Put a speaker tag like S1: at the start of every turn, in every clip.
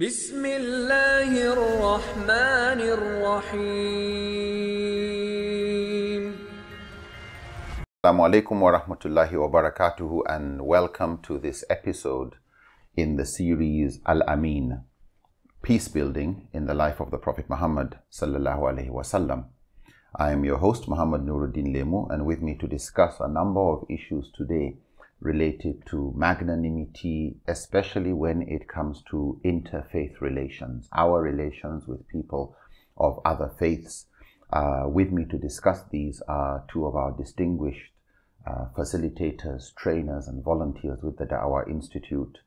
S1: بسم
S2: Assalamu alaikum wa rahmatullahi wa barakatuhu and welcome to this episode in the series Al-Amin, Peace Building in the Life of the Prophet Muhammad sallallahu alaihi wasallam. I am your host Muhammad Nuruddin Lemu and with me to discuss a number of issues today related to magnanimity, especially when it comes to interfaith relations, our relations with people of other faiths. Uh, with me to discuss these are two of our distinguished uh, facilitators, trainers, and volunteers with the Dawah Institute,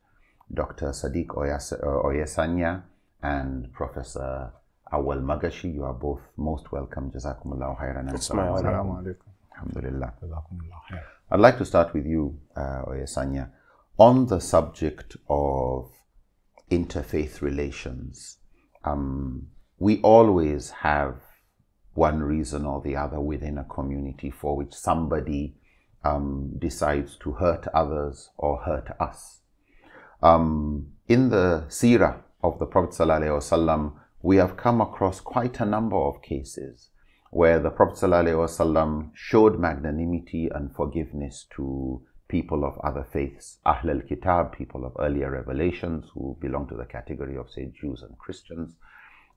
S2: Dr. Sadiq Oyas- uh, Oyesanya and Professor Awal Magashi. You are both most welcome. Jazakumullah khairan. Alhamdulillah. I'd like to start with you, uh, Oyesanya, on the subject of interfaith relations. Um, we always have one reason or the other within a community for which somebody um, decides to hurt others or hurt us. Um, in the seerah of the Prophet ﷺ, we have come across quite a number of cases where the Prophet ﷺ showed magnanimity and forgiveness to people of other faiths, Ahl al Kitab, people of earlier revelations who belong to the category of, say, Jews and Christians,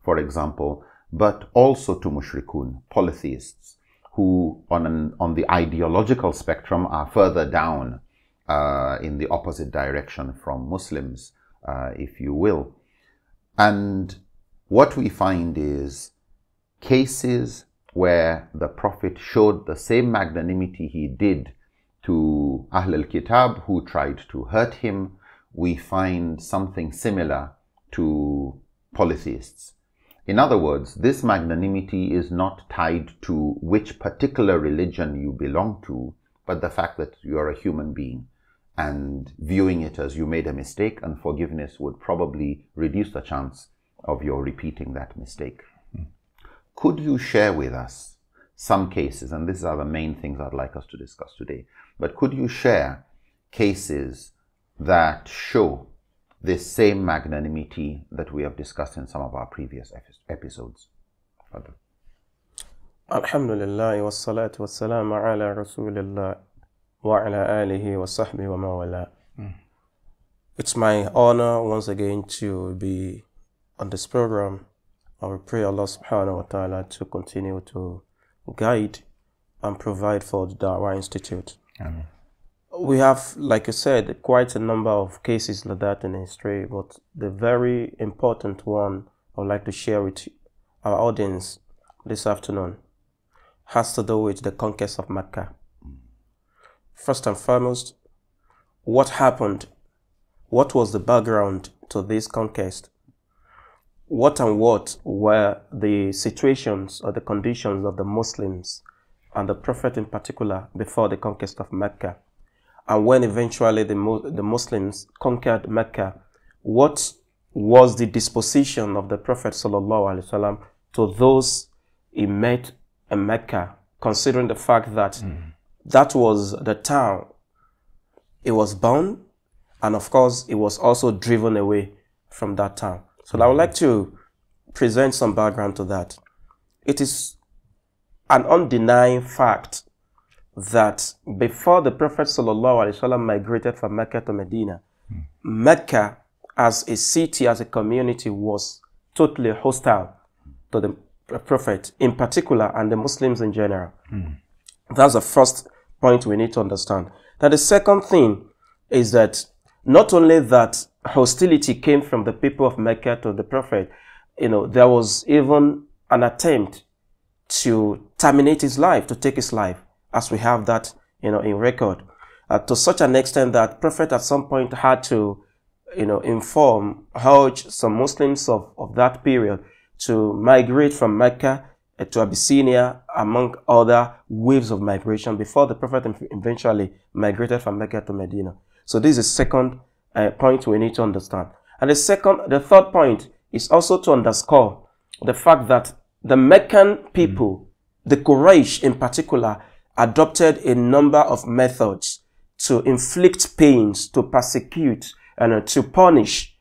S2: for example, but also to mushrikun, polytheists, who on, an, on the ideological spectrum are further down uh, in the opposite direction from Muslims, uh, if you will. And what we find is cases where the Prophet showed the same magnanimity he did to Ahl al Kitab who tried to hurt him, we find something similar to polytheists. In other words, this magnanimity is not tied to which particular religion you belong to, but the fact that you are a human being and viewing it as you made a mistake and forgiveness would probably reduce the chance of your repeating that mistake. Could you share with us some cases, and these are the main things I'd like us to discuss today, but could you share cases that show this same magnanimity that we have discussed in some of our previous episodes? wa
S3: Alhamdulillah, wa salam ala rasulillah wa ala alihi wa sahbihi wa mawala. Hmm. It's my honor once again to be on this program and we pray Allah subhanahu wa ta'ala to continue to guide and provide for the Dawah Institute. Amen. We have, like you said, quite a number of cases like that in history, but the very important one I would like to share with our audience this afternoon has to do with the conquest of Mecca. First and foremost, what happened? What was the background to this conquest? what and what were the situations or the conditions of the Muslims and the Prophet in particular before the conquest of Mecca? And when eventually the, the Muslims conquered Mecca, what was the disposition of the Prophet wasallam to those he met in Mecca, considering the fact that mm. that was the town it was born, and of course, it was also driven away from that town. So I would like to present some background to that. It is an undenying fact that before the Prophet ﷺ migrated from Mecca to Medina, hmm. Mecca as a city, as a community was totally hostile to the Prophet in particular and the Muslims in general. Mm. That's the first point we need to understand. Now the second thing is that not only that hostility came from the people of Mecca to the Prophet, you know, there was even an attempt to terminate his life, to take his life, as we have that, you know, in record. Uh, to such an extent that Prophet at some point had to, you know, inform, urge some Muslims of, of that period to migrate from Mecca uh, to Abyssinia, among other waves of migration, before the Prophet eventually migrated from Mecca to Medina. So this is second uh, point we need to understand. And the second, the third point is also to underscore the fact that the Meccan people, hmm. the Quraysh in particular, adopted a number of methods to inflict pains, to persecute, and uh, to punish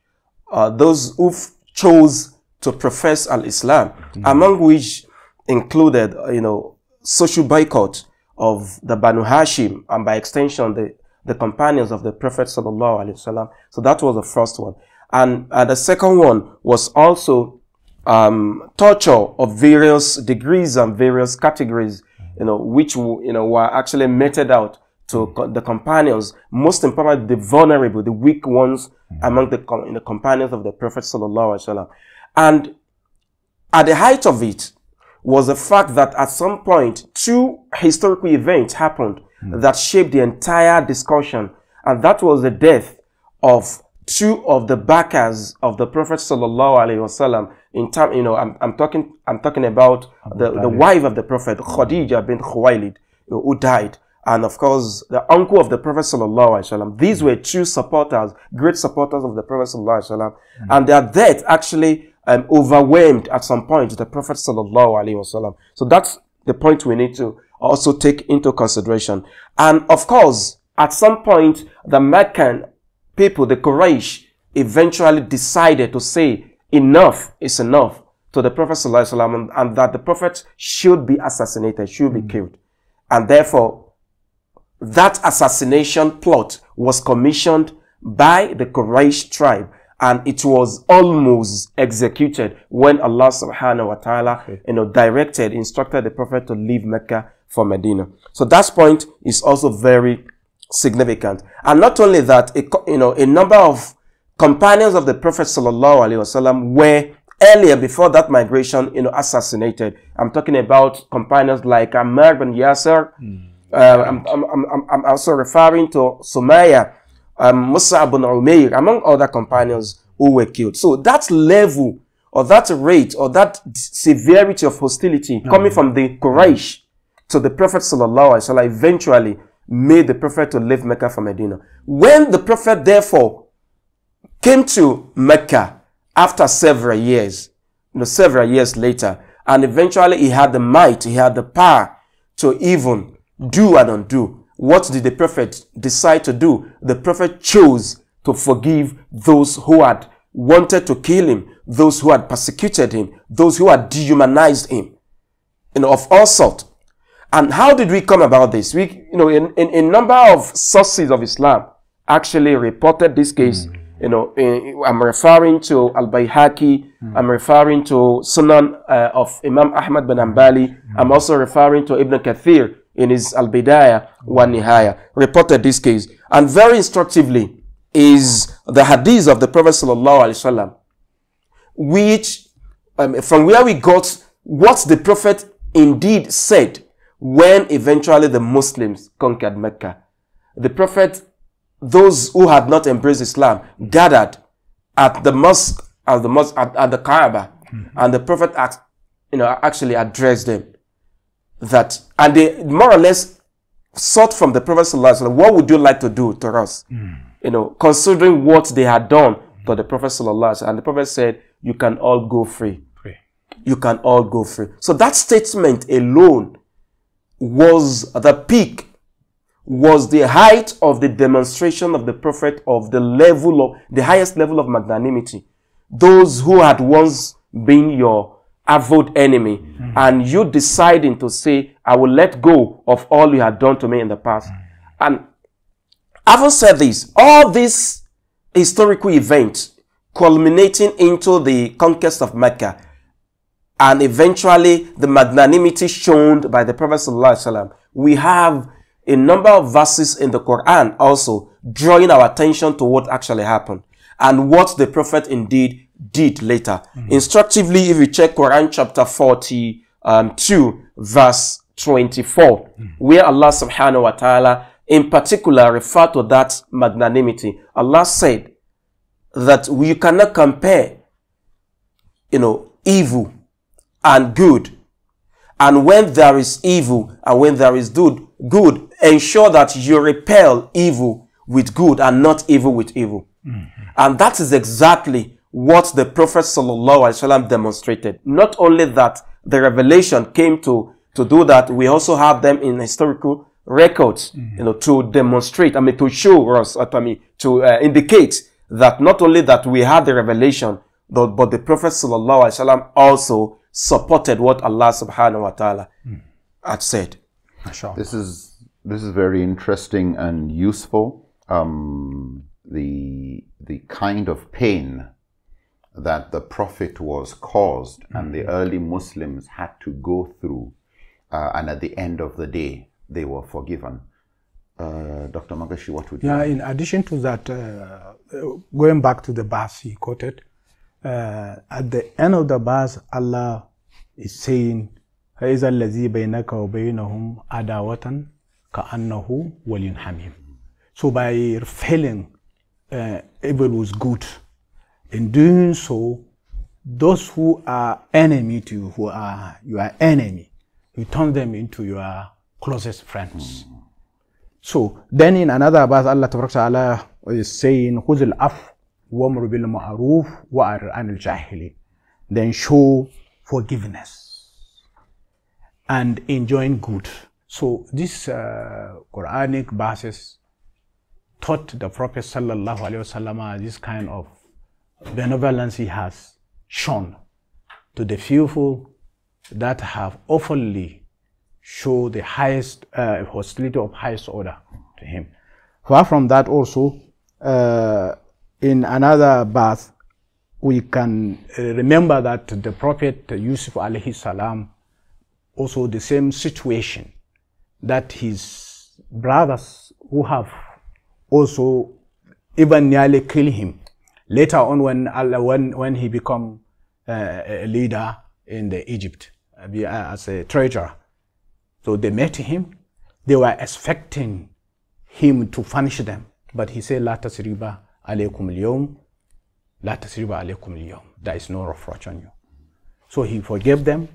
S3: uh, those who chose to profess al-Islam, mm -hmm. among which included, you know, social boycott of the Banu Hashim and by extension the the companions of the Prophet sallallahu alaihi wasallam. So that was the first one, and uh, the second one was also um, torture of various degrees and various categories, you know, which you know were actually meted out to mm. co the companions, most importantly the vulnerable, the weak ones mm. among the, com the companions of the Prophet sallallahu alaihi wasallam, and at the height of it was the fact that at some point two historical events happened mm. that shaped the entire discussion. And that was the death of two of the backers of the Prophet sallallahu alaihi wasallam. In time, you know, I'm, I'm talking I'm talking about the, the wife of the Prophet Khadija bin Khuwailid, who died, and of course the uncle of the Prophet sallallahu alaihi wasallam. These hmm. were two supporters, great supporters of the Prophet sallallahu alaihi wasallam, mm. and their death actually um, overwhelmed at some point the Prophet sallallahu alaihi wasallam. So that's the point we need to also take into consideration. And of course, at some point, the Meccan people, the Quraysh, eventually decided to say enough is enough to the Prophet ﷺ and that the Prophet should be assassinated, should be hmm. killed. And therefore, that assassination plot was commissioned by the Quraysh tribe and it was almost executed when Allah subhanahu wa ta'ala you know directed instructed the prophet to leave Mecca for Medina. So that point is also very significant. And not only that, a, you know, a number of companions of the Prophet sallallahu alaihi wasallam were earlier before that migration, you know, assassinated. I'm talking about companions like Amr bin Yasar. Mm. Uh, I'm, I'm, I'm, I'm, also referring to Sumaya, um, Musa bin Umayr, among other companions who were killed. So that level or that rate or that severity of hostility mm. coming hmm. from the Quraysh so the Prophet eventually made the Prophet to leave Mecca for Medina. When the Prophet therefore came to Mecca after several years, you know, several years later, and eventually he had the might, he had the power to even do and undo. What did the Prophet decide to do? The Prophet chose to forgive those who had wanted to kill him, those who had persecuted him, those who had dehumanized him, you know, of all sorts. And how did we come about this? We, you know, in, a number of sources of Islam actually reported this case. Mm. You know, in, I'm referring to Al-Bayhaqi. Mm. I'm referring to Sunan uh, of Imam Ahmad bin hmm. Ambali. Mm. I'm hmm. also referring to Ibn Kathir in his Al-Bidayah wa hmm. Nihaya, reported this case. And very instructively is the hadith of the Prophet sallallahu alaihi wasallam, which um, from where we got what the Prophet indeed said when eventually the Muslims conquered Mecca. The Prophet, those who had not embraced Islam, gathered at the mosque, at the mosque, at, at the Kaaba, mm. and the Prophet asked, you know, actually addressed them that, and they more or less sought from the Prophet Sallallahu what would you like to do to us? Mm. You know, considering what they had done to the Prophet Sallallahu and the Prophet said, you can all go free. free. You can all go free. So that statement alone was the peak, was the height of the demonstration of the prophet of the level of, the highest level of magnanimity. Those who had once been your avowed enemy, mm and you deciding to say, I will let go of all you had done to me in the past. Mm And having said this, all these historical events culminating into the conquest of Mecca and eventually the magnanimity shown by the Prophet ﷺ. We have a number of verses in the Quran also drawing our attention to what actually happened and what the Prophet indeed did later. Mm -hmm. Instructively, if you check Quran chapter 42, um, verse 24, mm -hmm. where Allah subhanahu wa ta'ala in particular referred to that magnanimity. Allah said that you cannot compare, you know, evil and good. And when there is evil and when there is good, good, ensure that you repel evil with good and not evil with evil. Mm -hmm. And that is exactly what the Prophet ﷺ demonstrated. Not only that the revelation came to, to do that, we also have them in historical records, mm -hmm. you know, to demonstrate, I mean, to show us, I mean, to uh, indicate that not only that we had the revelation, but, but the Prophet ﷺ also supported what Allah subhanahu wa ta'ala mm.
S2: had said. This is this is very interesting and useful. Um, the the kind of pain that the Prophet was caused mm. and the hmm. early Muslims had to go through, uh, and at the end of the day, they were forgiven. Uh, Dr. Magashi, what would you Yeah, in
S1: addition to that, uh, going back to the verse he quoted, uh, at the end of the verse, Allah is saying, هَذَا الَّذِي بَيْنَكَ وَبَيْنَهُمْ عَدَاوَةً كَأَنَّهُ وَلِيٌّ حَمِيمٌ So by failing, uh, evil was good. In doing so, those who are enemy to you, who are your enemy, you turn them into your closest friends. Mm. So then in another verse, Allah Ta'ala is saying, "Who's the وَأْمُرْ بِالْمَعْرُوفِ وَأَرْ عَنِ الْجَاهِلِينَ Then show forgiveness and enjoin good. So this uh, Quranic verses taught the Prophet sallallahu alaihi wasallam this kind of benevolence he has shown to the fearful that have openly show the highest uh, hostility of highest order to him. Far from that also, uh, in another bath, we can uh, remember that the Prophet Yusuf alayhi salam also the same situation that his brothers who have also even nearly kill him. Later on, when Allah, when when he become uh, a leader in the Egypt uh, uh, as a treasurer, so they met him. They were expecting him to punish them, but he said, "La tasriba alaykum al-yawm la tasriba is no reproach on you so he forgave them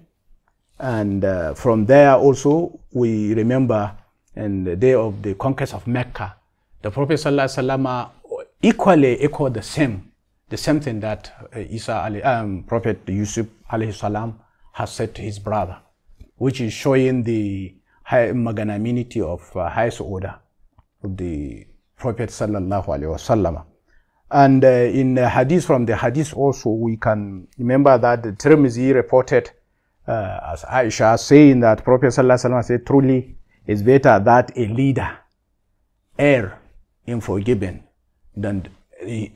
S1: and uh, from there also we remember in the day of the conquest of Mecca the prophet sallallahu uh, equally echoed the same the same thing that uh, Isa um, prophet Yusuf alayhi salam has said to his brother which is showing the high magnanimity of uh, highest order of the prophet sallallahu alaihi wasallam and uh, in hadith, from the hadith also, we can remember that the Tirmizi reported uh, as Aisha saying that Prophet ﷺ said, truly, it's better that a leader err in forgiving than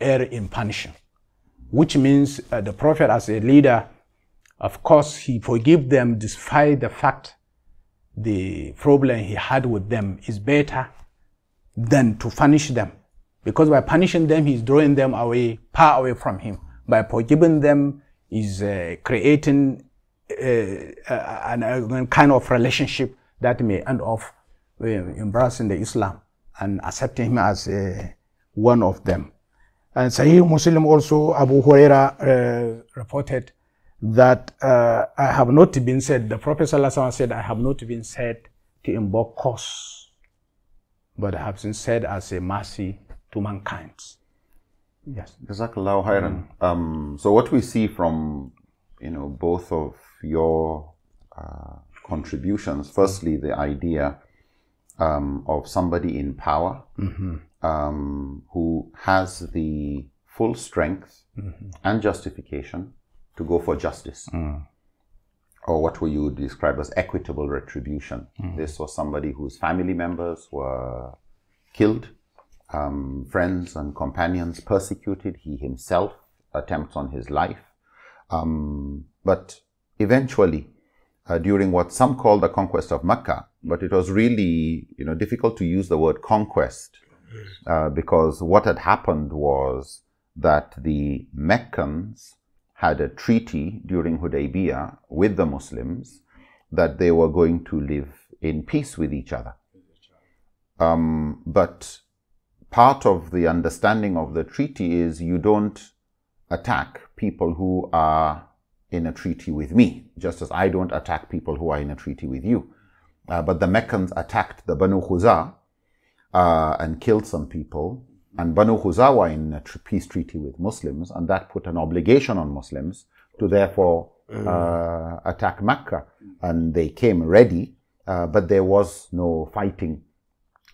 S1: err in punishing. Which means uh, the Prophet as a leader, of course, he forgive them despite the fact the problem he had with them is better than to punish them because by punishing them, he's drawing them away, far away from him. By forgiving them, he's uh, creating uh, a, a, kind of relationship that may end up uh, embracing the Islam and accepting him as uh, one of them. And Sahih Muslim also, Abu Huraira uh, reported that uh, I have not been said, the Prophet said, I have not been said to invoke curse, but I have been said as a mercy to mankind. Yes. Jazakallah Mm. Um, so what we see
S2: from you know both of your uh, contributions, firstly the idea um, of somebody in power mm-hmm. um, who has the full strength mm-hmm. and justification to go for justice. Mm. Or what we would describe as equitable retribution. Mm. This was somebody whose family members were killed um, friends and companions persecuted. He himself attempts on his life. Um, but eventually, uh, during what some call the conquest of Mecca, but it was really you know difficult to use the word conquest uh, because what had happened was that the Meccans had a treaty during Hudaybiyah with the Muslims that they were going to live in peace with each other. Um, but part of the understanding of the treaty is you don't attack people who are in a treaty with me, just as I don't attack people who are in a treaty with you. Uh, but the Meccans attacked the Banu Khuzah uh, and killed some people. And Banu Khuzah were in a peace treaty with Muslims, and that put an obligation on Muslims to therefore mm. uh, attack Mecca. And they came ready, uh, but there was no fighting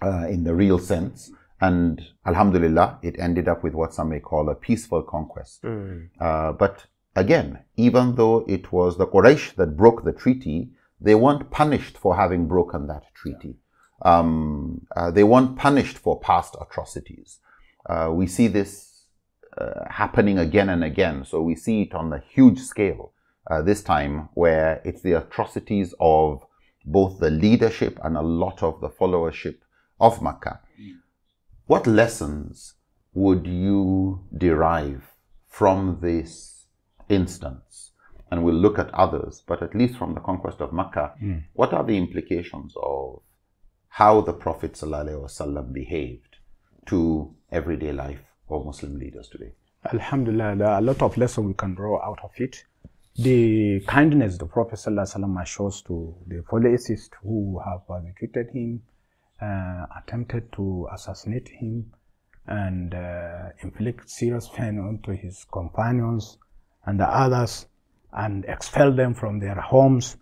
S2: uh, in the real sense. And alhamdulillah, it ended up with what some may call a peaceful conquest. Mm. Uh, but again, even though it was the Quraysh that broke the treaty, they weren't punished for having broken that treaty. Yeah. Um, uh, they weren't punished for past atrocities. Uh, we see this uh, happening again and again. So we see it on a huge scale uh, this time, where it's the atrocities of both the leadership and a lot of the followership of Makkah what lessons would you derive from this instance? And we'll look at others, but at least from the conquest of Mecca, mm. what are the implications of how the Prophet ﷺ behaved to everyday life of Muslim leaders today?
S1: Alhamdulillah, there are a lot of lessons we can draw out of it. The kindness the Prophet ﷺ shows to the polytheists who have persecuted him, uh, attempted to assassinate him and uh, inflict serious pain onto his companions and the others and expel them from their homes.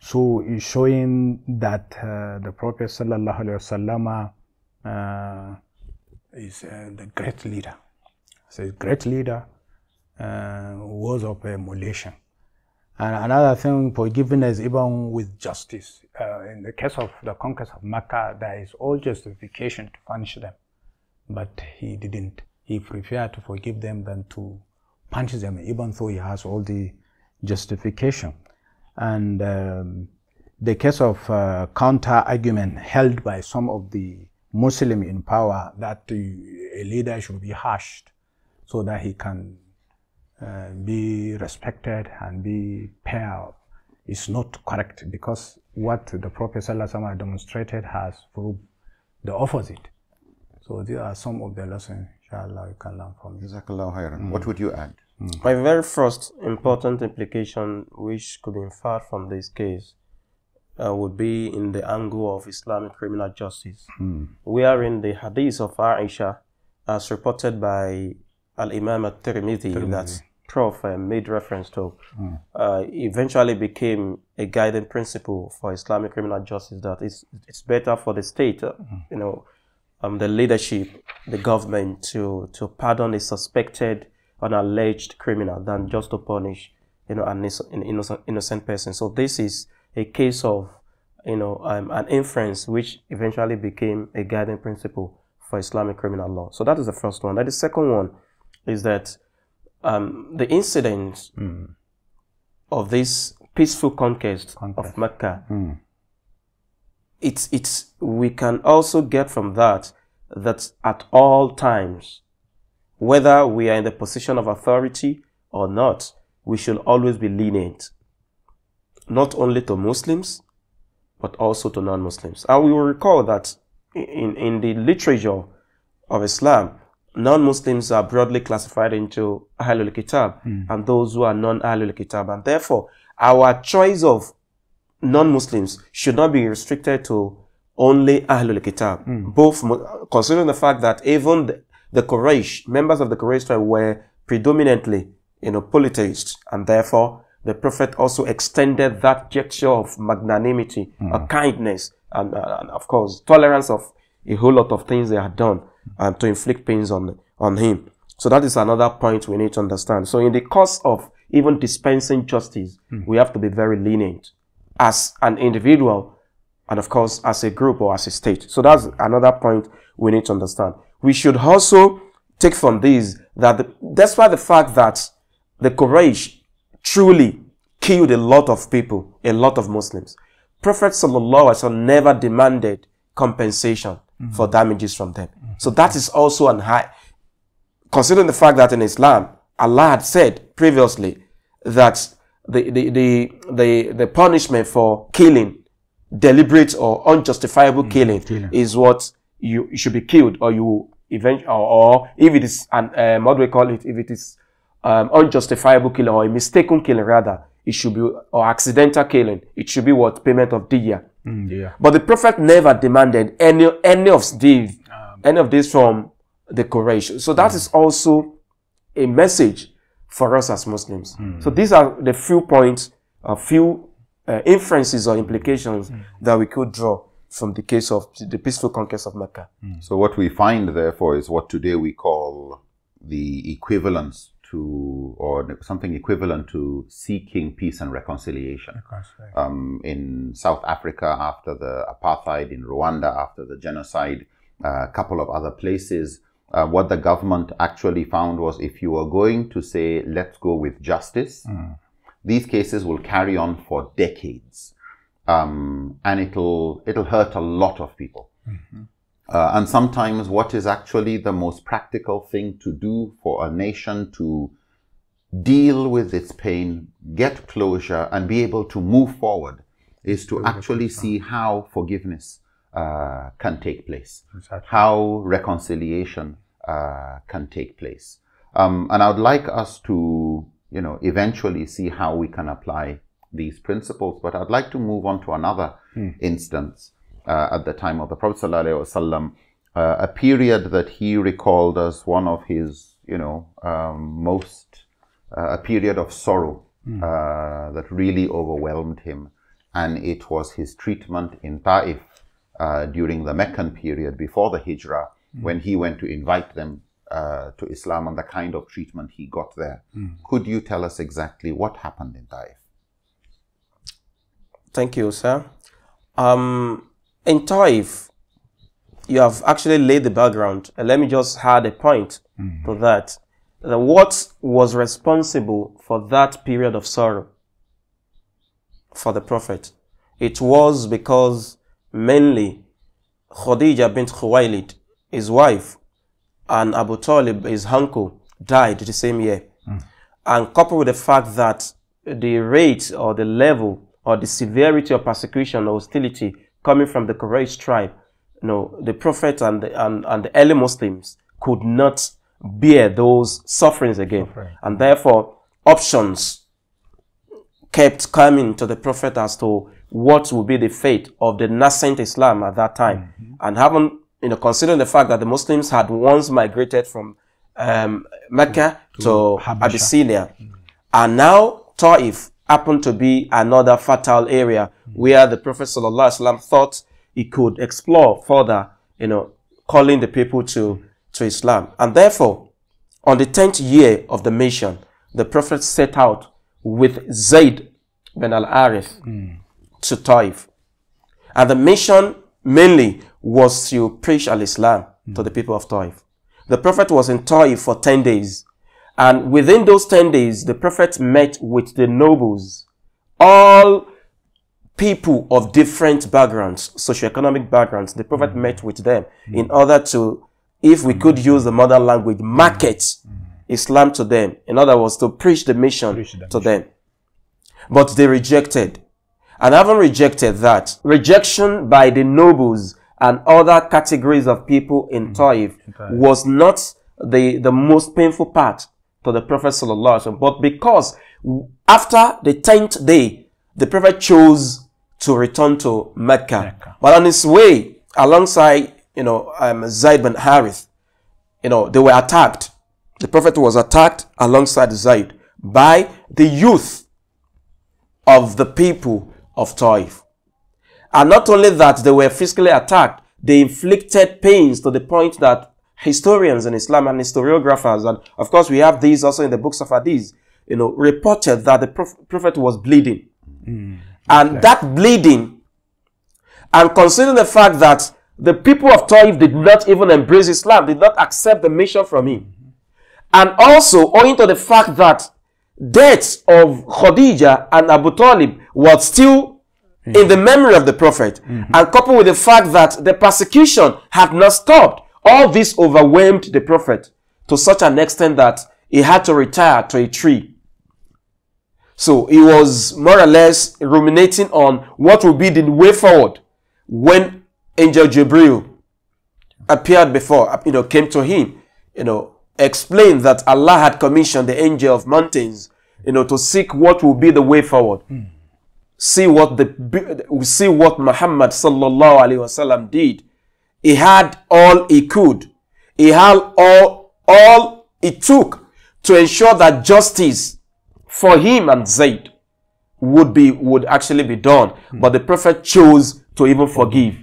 S1: So he's showing that uh, the Prophet sallallahu alaihi uh, is uh, the great leader. So he's a great leader uh, was of emulation. And another thing, forgiveness even with justice. Uh, in the case of the conquest of Mecca, there is all justification to punish them. But he didn't. He preferred to forgive them than to punish them, even though he has all the justification. And um, the case of uh, counter argument held by some of the Muslim in power that a leader should be hushed so that he can uh, be respected and be paired is not correct because what the Prophet ﷺ demonstrated has proved the opposite. So these are some of the lessons, inshallah, you can learn from it. Mm.
S2: What would you add?
S3: Mm. My very first important implication which could be inferred from this case uh, would be in the angle of Islamic criminal justice. Mm. We are in the hadith of Aisha as reported by Al-Imam al-Tirmidhi that Prof made reference to, mm. uh, eventually became a guiding principle for Islamic criminal justice. That it's it's better for the state, mm. you know, um, the leadership, the government to to pardon a suspected, an alleged criminal than just to punish, you know, an innocent innocent person. So this is a case of, you know, um, an inference which eventually became a guiding principle for Islamic criminal law. So that is the first one. That the second one is that um, the incidents mm. of this peaceful conquest, conquest. of Mecca, mm. it's, it's, we can also get from that that at all times, whether we are in the position of authority or not, we should always be lenient, not only to Muslims, but also to non-Muslims. And we will recall that in, in the literature of Islam, non-Muslims are broadly classified into Ahlul Kitab mm. and those who are non-Ahlul Kitab. And therefore, our choice of non-Muslims should not be restricted to only Ahlul Kitab. Mm. Both, considering the fact that even the, the Quraysh, members of the Quraysh tribe were predominantly, you know, polytheists. And therefore, the Prophet also extended that gesture of magnanimity, mm. kindness, and, uh, and of course, tolerance of a whole lot of things they had done um, to inflict pains on, on him. So that is another point we need to understand. So in the course of even dispensing justice, mm. we have to be very lenient as an individual and of course as a group or as a state. So that's another point we need to understand. We should also take from this that the, that's why the fact that the Quraysh truly killed a lot of people, a lot of Muslims. Prophet Sallallahu Alaihi Wasallam never demanded compensation mm. for damages from them. Mm. So that is also an high, considering the fact that in Islam, Allah had said previously that the, the, the, the, the punishment for killing, deliberate or unjustifiable mm, killing, killing, is what you, you, should be killed or you eventually, or, or, if it is, an, um, what do we call it, if it is um, unjustifiable killing or a mistaken killing rather, it should be, or accidental killing, it should be what payment of diya Mm, yeah. But the prophet never demanded any any of these um, any of this from the Quraysh. So that mm. is also a message for us as Muslims. Mm. So these are the few points, a few uh, inferences or implications mm. that we could draw from the case of the peaceful conquest of Mecca. Mm. So what we find, therefore, is
S2: what today we call the equivalence to, or something equivalent to, seeking peace and reconciliation. Um, in South Africa after the apartheid, in Rwanda after the genocide, uh, a couple of other places. Uh, what the government actually found was if you are going to say, let's go with justice, mm. these cases will carry on for decades. Um, and it'll, it'll hurt a lot of people. Mm-hmm. Uh, and sometimes what is actually the most practical thing to do for a nation to deal with its pain, get closure, and be able to move forward is to actually see how forgiveness uh, can take place, exactly. how reconciliation uh, can take place. Um, and I would like us to, you know, eventually see how we can apply these principles. But I'd like to move on to another hmm. instance uh, at the time of the Prophet ﷺ, uh, a period that he recalled as one of his, you know, um, most, uh, a period of sorrow mm. that really overwhelmed him. And it was his treatment in Ta'if uh, during the Meccan period before the Hijrah, mm. when he went to invite them to Islam and the kind of treatment he got there. Mm. Could you tell us exactly
S3: what happened in Ta'if? Thank you, sir. Um, in Taif, you have actually laid the background. And let me just add a point mm. to that. The what was responsible for that period of sorrow for the Prophet? It was because mainly Khadija bint Khuwailid, his wife, and Abu Talib, his uncle, died the same year. Mm. And coupled with the fact that the rate or the level or the severity of persecution or hostility coming from the Quraysh tribe, you know, the Prophet and the, and, and the early Muslims could not bear those sufferings again. Suffering. And therefore, options kept coming to the Prophet as to what would be the fate of the nascent Islam at that time. Mm -hmm. And having, you know, considering the fact that the Muslims had once migrated from um, Mecca to, to Abyssinia, mm -hmm. and now Taif happened to be another fertile area where the Prophet ﷺ thought he could explore further, you know, calling the people to, to Islam. And therefore, on the 10th year of the mission, the Prophet set out with Zayd bin al-Arif mm. to Taif. And the mission mainly was to preach al-Islam mm. to the people of Taif. The Prophet was in Taif for 10 days. And within those 10 days, the prophet met with the nobles, all people of different backgrounds, socioeconomic backgrounds. The prophet met with them in order to, if we could use the modern language, market Islam to them. In other words, to preach the mission to them. But they rejected. And having rejected that, rejection by the nobles and other categories of people in mm. Taif was not the, the most painful part to the Prophet But because after the 10th day, the Prophet chose to return to Mecca. Mecca. But on his way, alongside, you know, um, Zaid bin Harith, you know, they were attacked. The Prophet was attacked alongside Zaid by the youth of the people of Taif. And not only that, they were physically attacked, they inflicted pains to the point that historians in Islam and historiographers, and of course we have these also in the books of Hadith, you know, reported that the prophet was bleeding. Mm, and okay. that bleeding, and considering the fact that the people of Taif did not even embrace Islam, did not accept the mission from him. And also owing to the fact that deaths of Khadija and Abu Talib was still in the memory of the prophet mm -hmm. and coupled with the fact that the persecution had not stopped all this overwhelmed the prophet to such an extent that he had to retire to a tree. So he was more or less ruminating on what would be the way forward when angel Jibril appeared before, uh, you know, came to him, you know, explained that Allah had commissioned the angel of mountains, you know, to seek what will be the way forward. Hmm. See what the see what Muhammad sallallahu alaihi wasallam did he had all he could. He had all, all it took to ensure that justice for him and Zayd would be would actually be done. Hmm. But the prophet chose to even forgive.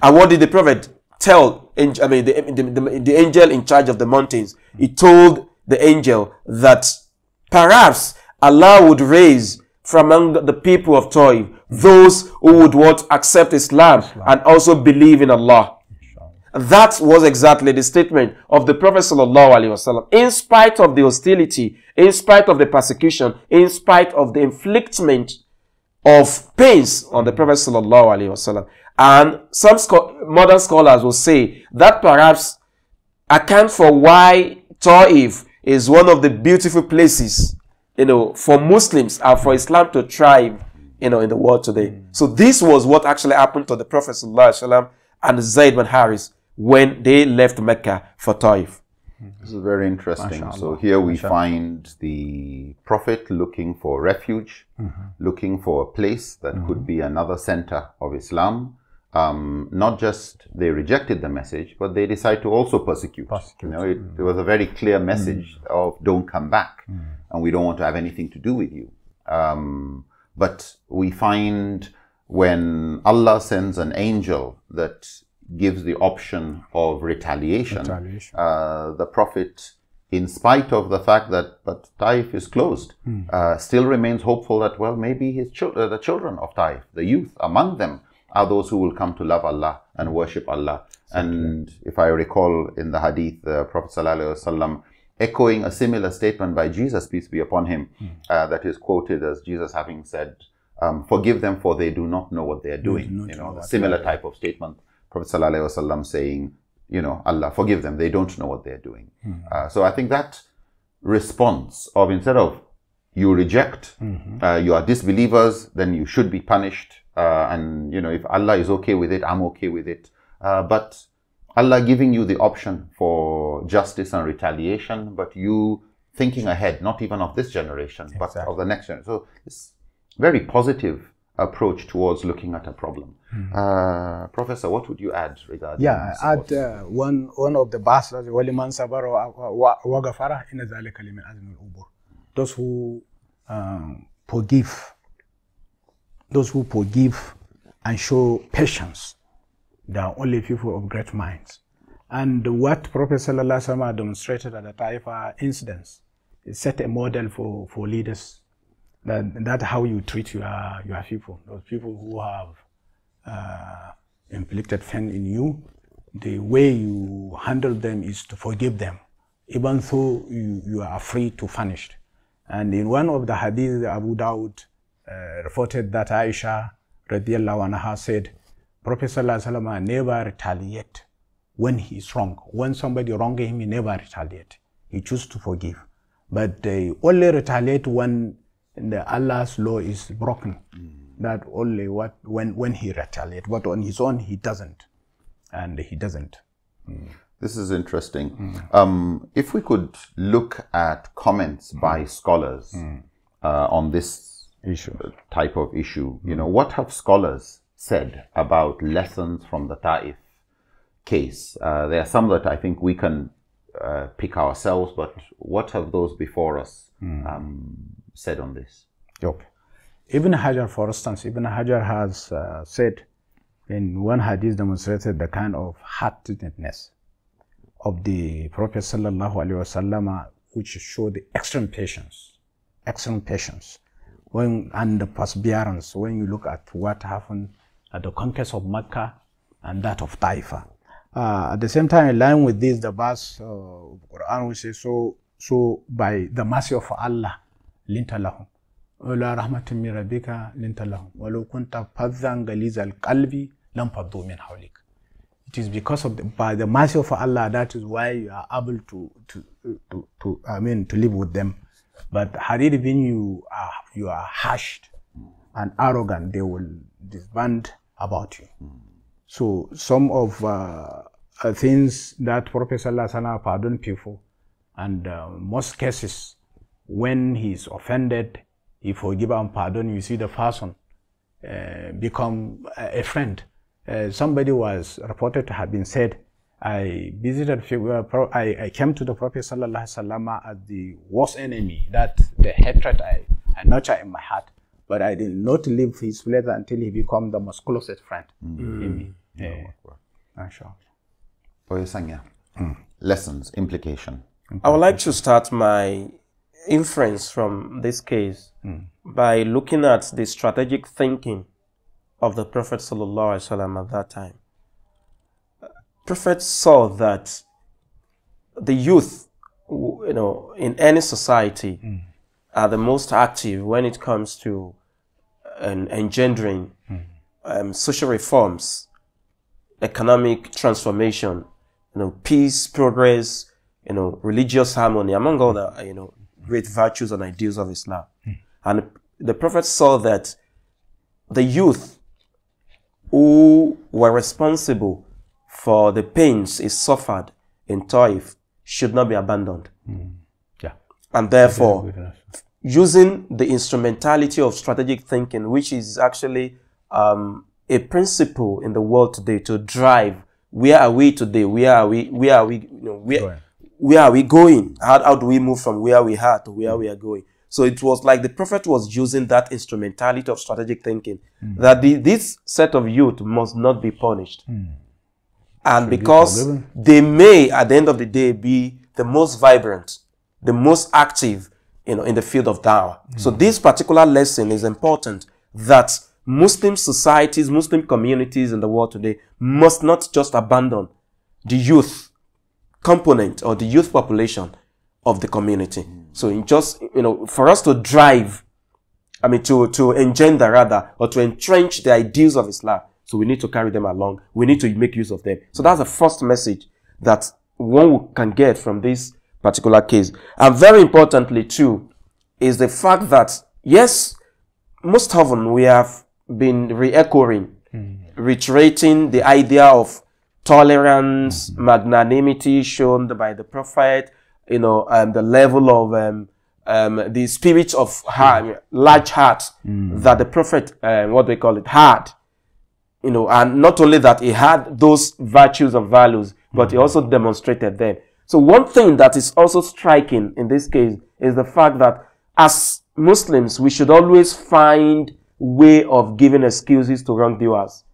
S3: And what did the prophet tell? I mean, the, the, the, the angel in charge of the mountains. He told the angel that perhaps Allah would raise from among the people of Toy, those who would what accept Islam, and also believe in Allah. That was exactly the statement of the Prophet wasallam. In spite of the hostility, in spite of the persecution, in spite of the inflictment of pains on the Prophet wasallam, and some modern scholars will say that perhaps account for why Taif is one of the beautiful places you know, for Muslims and for Islam to thrive, you know, in the world today. So this was what actually happened to the Prophet ﷺ and Zayd bin Haris when they left Mecca for Taif. This is very interesting. So here we find the Prophet
S2: looking for refuge, mm -hmm. looking for a place that mm -hmm. could be another center of Islam. Um, not just they rejected the message, but they decide to also persecute. persecute. You know, it, mm. was a very clear message mm. of don't come back. Mm and we don't want to have anything to do with you. Um, but we find when Allah sends an angel that gives the option of retaliation, retaliation. Uh, the Prophet, in spite of the fact that but Taif is closed, hmm. uh, still remains hopeful that well maybe his children, uh, the children of Taif, the youth among them, are those who will come to love Allah and worship Allah. Exactly. And if I recall in the Hadith, the uh, Prophet sallallahu alaihi wasallam echoing a similar statement by Jesus, peace be upon him, mm. uh, that is quoted as Jesus having said, um, Forgive them for they do not know what they are doing. Do you know, know similar type of statement. Prophet Wasallam saying, You know, Allah, forgive them, they don't know what they are doing. Mm. Uh, so I think that response of instead of you reject, mm-hmm. uh, you are disbelievers, then you should be punished. Uh, and, you know, if Allah is okay with it, I'm okay with it. Uh, but Allah giving you the option for justice and retaliation, but you thinking ahead, not even of this generation, but exactly. of the next generation. So it's very positive approach towards looking at a problem. Mm. Uh, Professor, what would you add regarding Yeah, I
S1: add uh, one, one of the basras, وَلِمَنْ صَبَرَ وَغَفَرَ إِنَّ ذَلِكَ لِمِنْ عَزْمِ Ubur." Those who um, forgive, those who forgive and show patience there are only people of great minds. And what Prophet Wasallam demonstrated at the Taifa incidents, it set a model for, for leaders. That, that how you treat your, your people, those people who have uh, inflicted pain in you, the way you handle them is to forgive them, even though you, you are afraid to punish. And in one of the hadith, Abu Dawud uh, reported that Aisha radiallahu anha said, Prophet ﷺ never retaliate when he is wrong. When somebody wrong him, he never retaliate. He choose to forgive. But they only retaliate when the Allah's law is broken. Mm. That only what when when he retaliate, but on his own he doesn't, and he doesn't. Mm. This is
S2: interesting. Mm. Um, if we could look at comments mm. by scholars mm. uh, on this issue, type of issue, you mm. know, what have scholars said about lessons from the Taif case. Uh, there are some that I think we can uh, pick ourselves, but what have those before us mm. um, said
S1: on this? Okay, Ibn Hajar, for instance, Ibn Hajar has uh, said in one hadith demonstrated the kind of heartedness of the Prophet sallallahu alaihi wasallam, which showed the extreme patience, extreme patience, when and the perseverance. When you look at what happened at the conquest of Mecca and that of Taifa. Uh, at the same time, in line with this, the verse uh, of Quran will say, so, so by the mercy of Allah, linta lahum. ولا رحمة من ربك لنت لهم ولو كنت فظا غليظ القلب لانفضوا من حولك it is because of the, by the mercy of Allah that is why you are able to to to, to I mean to live with them. But had it been you are you are hushed, and arrogant, they will disband about you. Mm. So some of uh, uh, things that Prophet Sallallahu pardoned people, and uh, most cases when he is offended, he forgive and pardon. You see the person uh, become a friend. Uh, somebody was reported to have been said, I visited, uh, I, I came to the Prophet Sallallahu as the worst enemy that the hatred I, I nurture in my heart but I did not leave his place until he became the most closest friend mm. in me. Mm. Yeah. Yeah. Inshallah. Oyesanya,
S2: mm. lessons, implication.
S3: I would like to start my inference from this case mm. by looking at the strategic thinking of the Prophet ﷺ at that time. Prophet saw that the youth, you know, in any society mm. are the most active when it comes to and engendering um, social reforms, economic transformation, you know, peace, progress, you know, religious harmony, among other, you know, great virtues and ideals of Islam. And the Prophet saw that the youth who were responsible for the pains he suffered in Taif should not be abandoned. Mm. Yeah. And therefore, using the instrumentality of strategic thinking, which is actually um, a principle in the world today to drive where are we today? Where are we? Where are we? You know, where, where are we going? How, how do we move from where we are to where we are going? So it was like the prophet was using that instrumentality of strategic thinking mm. that the, this set of youth must not be punished. Mm. And Should because they may, at the end of the day, be the most vibrant, the most active, you know, in the field of dawah. Mm. So mm-hmm. this particular lesson is important that Muslim societies, Muslim communities in the world today must not just abandon the youth component or the youth population of the community. Mm. So in just, you know, for us to drive, I mean, to, to engender rather, or to entrench the ideals of Islam. So we need to carry them along. We need to make use of them. So mm. that's the first message that one can get from this particular case. And very importantly, too, is the fact that, yes, most often we have been re-echoing, mm. reiterating the idea of tolerance, mm. magnanimity shown by the prophet, you know, and um, the level of um, um, the spirit of heart, hmm. large heart mm. that the prophet, um, what we call it, had. You know, and not only that, he had those virtues and values, but he hmm. also demonstrated them. So one thing that is also striking in this case is the fact that as Muslims, we should always find way of giving excuses to wrongdoers.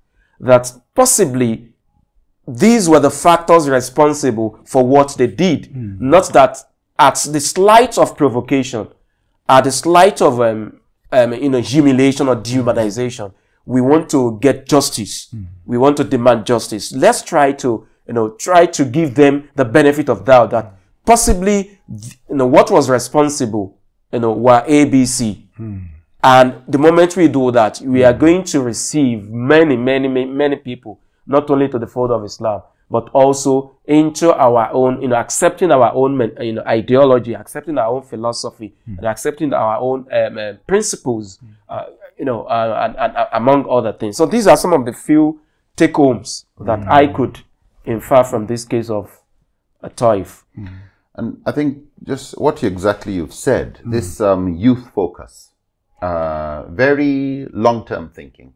S3: That possibly these were the factors responsible for what they did. Mm. Not that at the slight of provocation, at the slight of um, um, you know humiliation or hmm. dehumanization, we want to get justice. Mm. We want to demand justice. Let's try to you know, try to give them the benefit of doubt that possibly, you know, what was responsible, you know, were ABC. Hmm. And the moment we do that, we are going to receive many, many, many, many people, not only to the fold of Islam, but also into our own, you know, accepting our own, you know, ideology, accepting our own philosophy, hmm. and accepting our own um, uh, principles, hmm. uh, you know, uh, and, and, and, uh, among other things. So these are some of the few take homes that hmm. I could in far from this case of a Taif.
S2: Mm And I think just what exactly you've said, mm this um, youth focus, uh, very long-term thinking,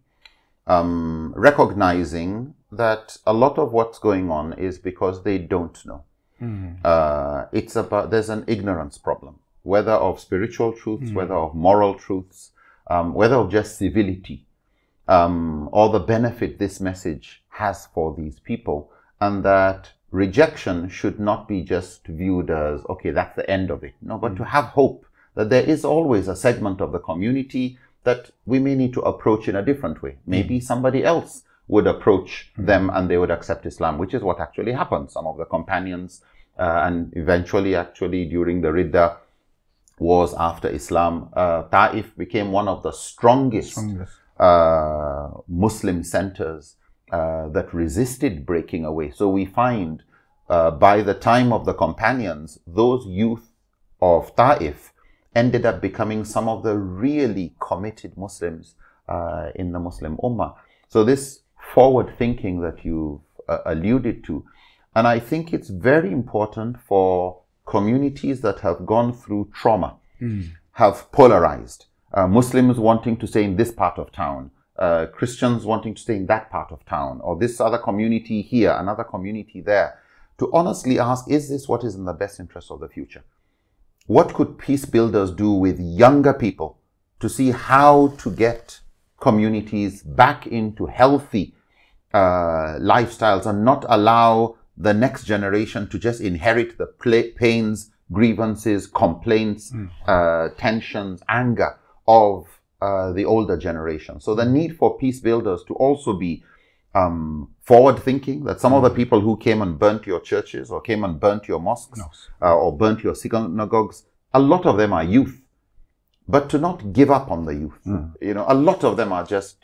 S2: um, recognizing that a lot of what's going on is because they don't know. Mm uh, it's about there's an ignorance problem, whether of spiritual truths, mm-hmm. whether of moral truths, um, whether of just civility, um, or the benefit this message has for these people and that rejection should not be just viewed as, okay, that's the end of it. No, but mm to have hope that there is always a segment of the community that we may need to approach in a different way. Mm. Maybe somebody else would approach mm. them and they would accept Islam, which is what actually happened. Some of the companions uh, and eventually, actually, during the Ridda wars after Islam, uh, Ta'if became one of the strongest, strongest. Uh, Muslim centers uh, that resisted breaking away. So we find uh, by the time of the companions, those youth of Ta'if ended up becoming some of the really committed Muslims uh, in the Muslim Ummah. So this forward thinking that you've uh, alluded to, and I think it's very important for communities that have gone through trauma, mm. have polarized. Uh, Muslims wanting to stay in this part of town, uh, Christians wanting to stay in that part of town or this other community here, another community there, to honestly ask, is this what is in the best interest of the future? What could peace builders do with younger people to see how to get communities back into healthy uh, lifestyles and not allow the next generation to just inherit the pl- pains, grievances, complaints, mm. uh, tensions, anger of uh, the older generation. So the hmm. need for peace builders to also be um, forward thinking, that some mm. of the hmm. people who came and burnt your churches or came and burnt your mosques no. uh, or burnt your synagogues, a lot of them are youth. But to not give up on the youth, mm. you know, a lot of them are just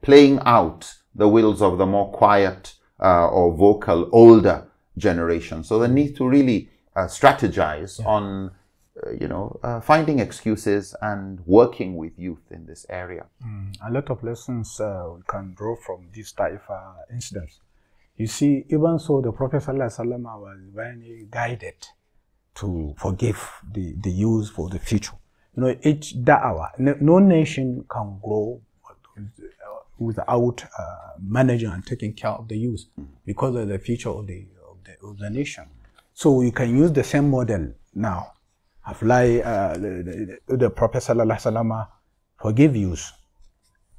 S2: playing out the wills of the more quiet uh, or vocal older generation. So the need to really uh, strategize yeah. on uh, you know, uh, finding excuses and working with youth in this area.
S1: Mm, a lot of lessons uh, we can draw from this type of incidents. You see, even so, the Prophet ﷺ was very guided to forgive the, the youth for the future. You know, each da'wah, no, no nation can grow without uh, managing and taking care of the youth because of the future of the, of the, of the nation. So you can use the same model now have uh, the, the, the Prophet sallallahu forgive you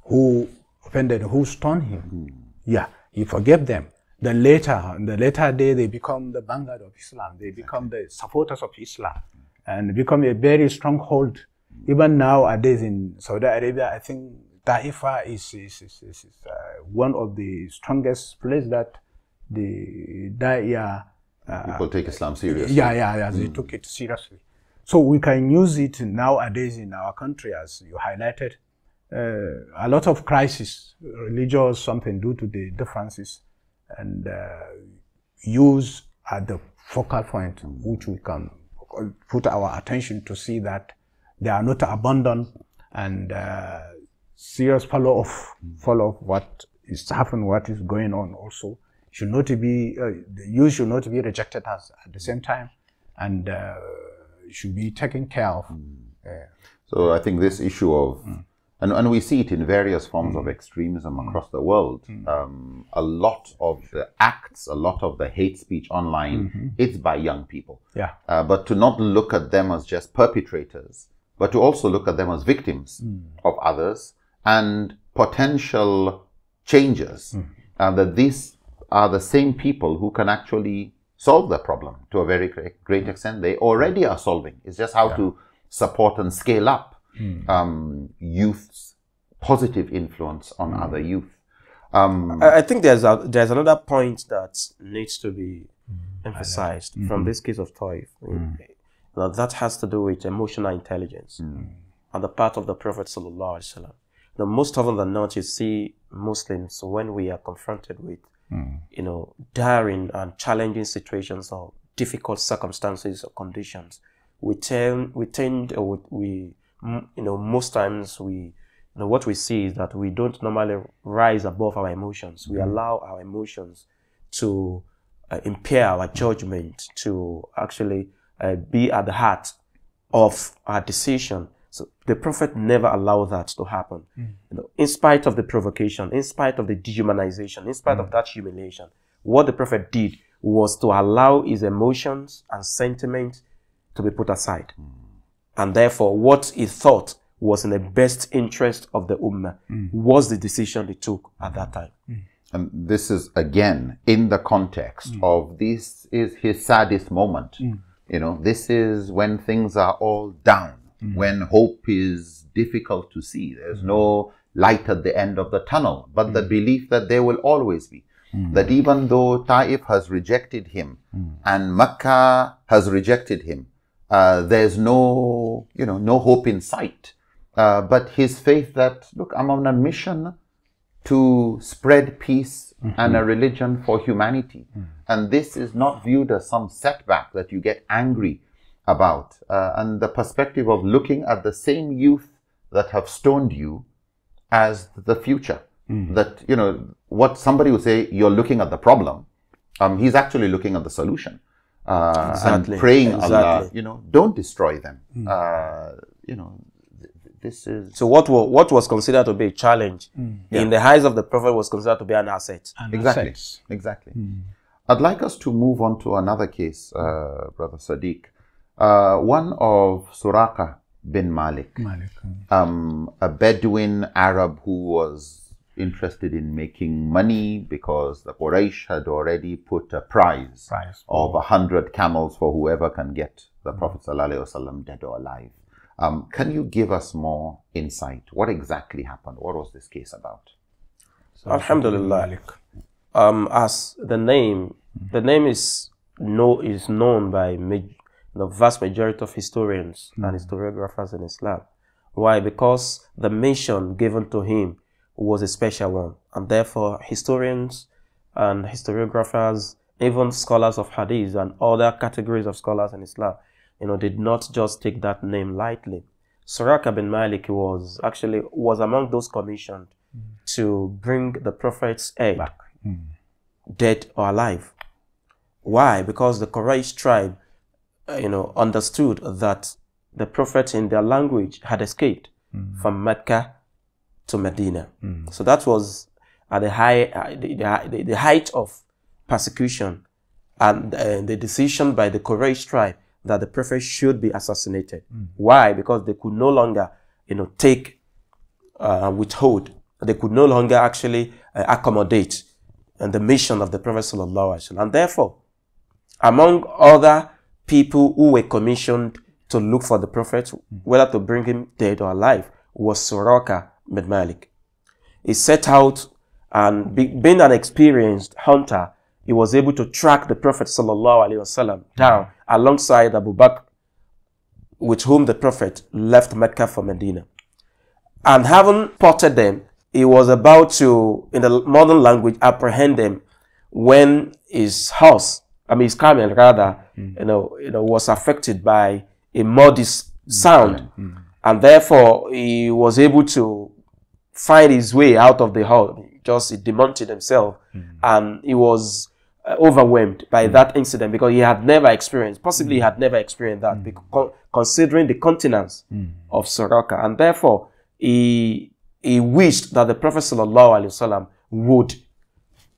S1: who offended, who stoned him. Mm. Yeah, he forgave them. Then later, the later day, they become the vanguard of Islam. They become okay. the supporters of Islam and become a very stronghold. Even nowadays in Saudi Arabia, I think Taifa is, is, is, is uh, one of the strongest places that the Da'iya. Uh, People take Islam seriously. Yeah, yeah, yeah. Mm. They hmm. took it seriously. So we can use it nowadays in our country, as you highlighted. Uh, a lot of crisis, religious something due to the differences, and uh, use at the focal point, which we can put our attention to see that they are not abandoned and uh, serious follow off, follow off what is happening, what is going on also should not be, uh, the should not be rejected as, at the same time. And uh, should be taken care of. Mm.
S2: So I think this issue of mm. and, and we see it in various forms of mm. extremism across the world. Mm. Um, a lot of the acts, a lot of the hate speech online, -hmm. it's by young people. Yeah. Uh, but to not look at them as just perpetrators, but to also look at them as victims of others and potential changes, and that these are the same people who can actually solve the problem to a very great extent. They already are solving. It's just how yeah. to support and scale up mm. um, youth's positive influence on mm. other youth. Um,
S3: I, I think there's a, there's another point that needs to be hmm. emphasized mm. from this case of TOIF. Hmm. Now that has to do with emotional intelligence hmm. on the part of the Prophet sallallahu alaihi wasallam. Now most often than not, you see Muslims when we are confronted with you know, daring and challenging situations or difficult circumstances or conditions. We tend, we tend, or we, you know, most times we, you know, what we see is that we don't normally rise above our emotions. We mm-hmm. allow our emotions to uh, impair our judgment, to actually uh, be at the heart of our decision. So the prophet never allowed that to happen. Mm. You know, in spite of the provocation, in spite of the dehumanization, in spite mm. of that humiliation, what the prophet did was to allow his emotions and sentiments to be put aside. Mm. And therefore, what he thought was in the best interest of the ummah hmm. was the decision he took at that time.
S1: Hmm.
S2: Hmm. And this is again in the context of this is his saddest moment. You know, this is when things are all down mm-hmm. when hope is difficult to see. There's mm-hmm. no light at the end of the tunnel, but the mm. belief that there will always be. Mm. That even though Taif has rejected him mm. and Mecca has rejected him, uh, there's no, you know, no hope in sight. Uh, but his faith that, look, I'm on a mission to spread peace mm-hmm. and a religion for humanity. Mm-hmm. And this is not viewed as some setback that you get angry about uh, and the perspective of looking at the same youth that have stoned you as the future. Mm. That, you know, what somebody would say, you're looking at the problem. Um, he's actually looking at the solution uh, exactly. and praying exactly. Allah, you know, don't destroy
S3: them. Mm. Uh, you know, this is. So what, were, what was considered to be a challenge mm. in the eyes of the Prophet was considered to be an asset. An exactly. Asset.
S2: Exactly. Mm. I'd like us to move on to another case, uh, Brother Sadiq. Uh, one of Suraka bin Malik, Malik. Um, a Bedouin Arab who was interested in making money because the Quraysh had already put a prize, prize. of a hundred camels for whoever can get the mm-hmm. Prophet wasallam dead or alive. Um, can you give us more
S3: insight? What exactly happened? What was this case about? So, Alhamdulillah. Um, as the name, mm-hmm. the name is no is known by the vast majority of historians mm. and hmm. historiographers in Islam. Why? Because the mission given to him was a special one, and therefore historians and historiographers, even scholars of hadith and other categories of scholars in Islam, you know, did not just take that name lightly. Suraka bin Malik was actually was among those commissioned mm. to bring the prophet's head back, mm. dead or alive. Why? Because the Quraysh tribe uh, you know, understood that the prophet in their language had escaped mm. from Mecca to Medina. Mm. So that was at the high, uh, the, the, the, height of persecution and uh, the decision by the Quraysh tribe that the prophet should be assassinated. Mm. Why? Because they could no longer, you know, take, uh, withhold. They could no longer actually uh, accommodate and uh, the mission of the Prophet Sallallahu Alaihi Wasallam. And therefore, among other people who were commissioned to look for the prophet, mm. whether to bring him dead or alive, was Soroka bin Malik. He set out and be, being an experienced hunter, he was able to track the Prophet wasallam down alongside Abu Bakr, with whom the Prophet left Mecca for Medina. And having spotted them, he was about to, in the modern language, apprehend them when his horse I mean, his camel, rather, mm. you know, you know, was affected by a modest sound, mm. mm. and therefore he was able to find his way out of the hole. Just he demounted himself, mm. and he was uh, overwhelmed by mm. that incident because he had never experienced, possibly he mm. had never experienced that, because, considering the continence of Soraka, and therefore he he wished that the Prophet sallallahu alaihi wasallam would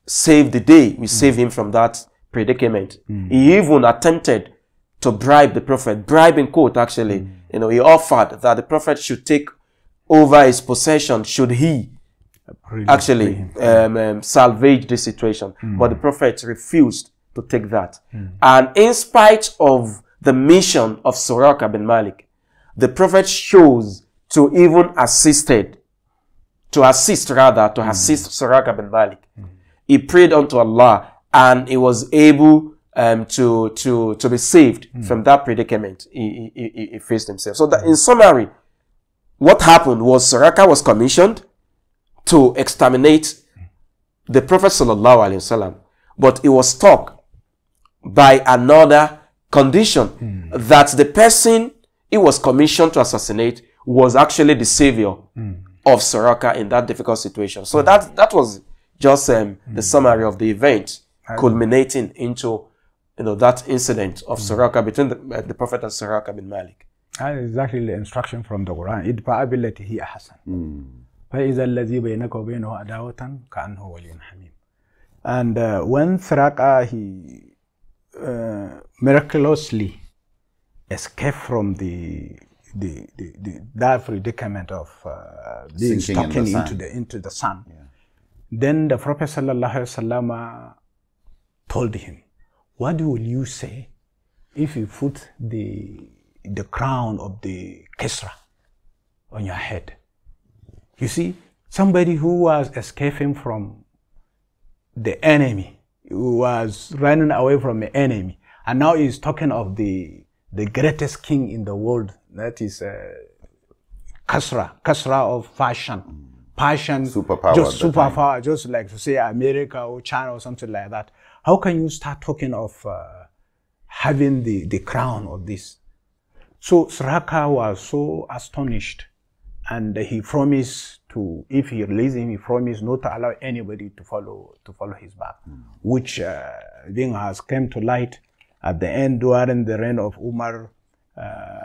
S3: save the day, we save him from that predicament. Mm. He even attempted to bribe the prophet, bribe in court actually. Mm. You know, he offered that the prophet should take over his possession should he actually um, um, salvage the situation. Mm. But the prophet refused to take that. Mm. And in spite of the mission of Suraka bin Malik, the prophet chose to even assisted, to assist rather, to mm. assist Suraka bin Malik. Mm. He prayed unto Allah and he was able um, to to to be saved mm. from that predicament he, he, he, faced himself. So that in summary, what happened was Soraka was commissioned to exterminate the Prophet sallallahu alaihi wasallam, but he was stuck by another condition mm. that the person he was commissioned to assassinate was actually the savior mm. of Soraka in that difficult situation. So hmm. that that was just um, the hmm. summary of the event culminating into you know, that incident of mm. Siraka between the, uh, the Prophet and Siraka bin Malik.
S1: And exactly the instruction from the Quran. ادفع بالتي هي أحسن. فإذا And uh, when Siraka he uh, miraculously escaped from the the, the, the that predicament of uh, being stuck in into the into the sun, yeah. then the Prophet sallallahu alaihi wasallam uh, told him, What will you say if you put the, the crown of the Kesra on your head? You see, somebody who was escaping from the enemy, who was running away from the enemy, and now he's talking of the, the greatest king in the world, that is uh, Kasra, Kasra of fashion. Passion, superpower, just superpower, just like to say America or China or something like that how can you start talking of uh, having the, the crown of this? So Sraka was so astonished and he promised to, if he released him, he promised not to allow anybody to follow, to follow his back, mm. which uh, then has come to light at the end during the reign of Umar uh,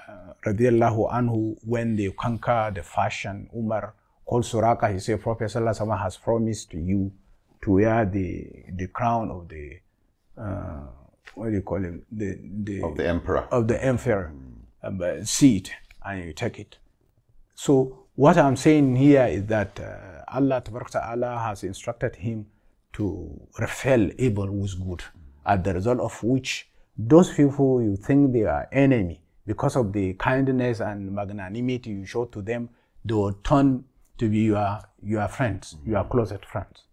S1: anhu when they conquer the fashion. Umar called Suraka, he said, Prophet Sallallahu has promised to you to wear the the crown of the uh, what do you call him the, the of the emperor of the emperor mm. Uh, seat and you take it. So what I'm saying here is that uh, Allah Ta'ala has instructed him to repel evil with good, mm. as the result of which those people you think they are enemy because of the kindness and magnanimity you show to them, they will turn to be your your friends, mm. your closest friends.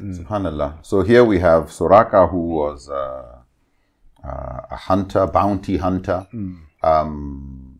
S1: Mm. Subhanallah.
S2: So here we have Soraka, who was uh, uh, a hunter, bounty hunter, mm. um,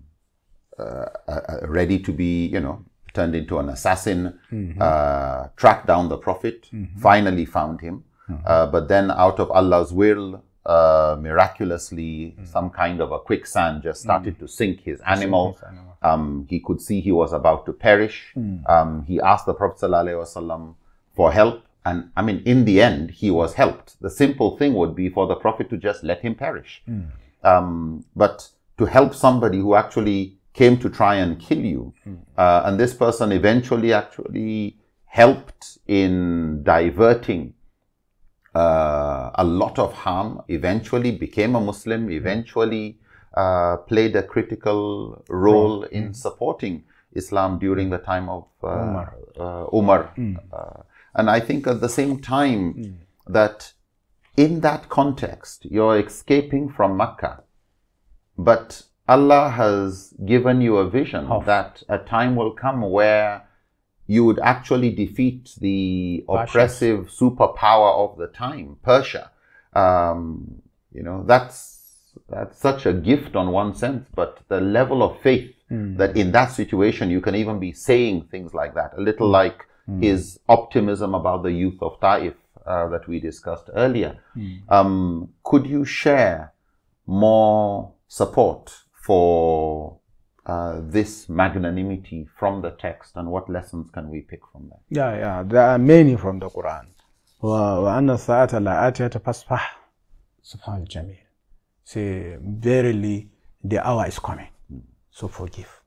S2: uh, uh ready to be, you know, turned into an assassin, mm-hmm. Uh, tracked down the Prophet, mm-hmm. finally found him. Mm-hmm. Uh, but then, out of Allah's will, uh, miraculously, mm. some kind of a quicksand just started mm. to sink his animal. Sink his animal. Um, he could see he was about to perish. Mm. Um, he asked the Prophet ﷺ for help. And I mean, in the end, he was helped. The simple thing would be for the Prophet to just let him perish. Mm. Um, but to help somebody who actually came to try and kill you, mm. uh, and this person eventually actually helped in diverting uh, a lot of harm, eventually became a Muslim, hmm. eventually uh, played a critical role mm. in hmm. supporting Islam during hmm. the time of Umar. Uh, Umar uh, uh, and I think at the same time mm. that in that context, you're escaping from Makkah, But Allah has given you a vision that a time will come where you would actually defeat the oppressive superpower of the time, Persia. Um, you know, that's, that's such a gift on one sense, but the level of faith mm. that in that situation you can even be saying things like that, a little hmm. like mm. his optimism about the youth of Taif uh, that we discussed earlier. Mm. Um, could you share more support for uh, this magnanimity from the text and what lessons can we pick from
S1: that? Yeah, yeah, there are many from the Quran. وأن الساعة لا آتية فاصفح سبحان الجميل say verily the hour is coming hmm. so forgive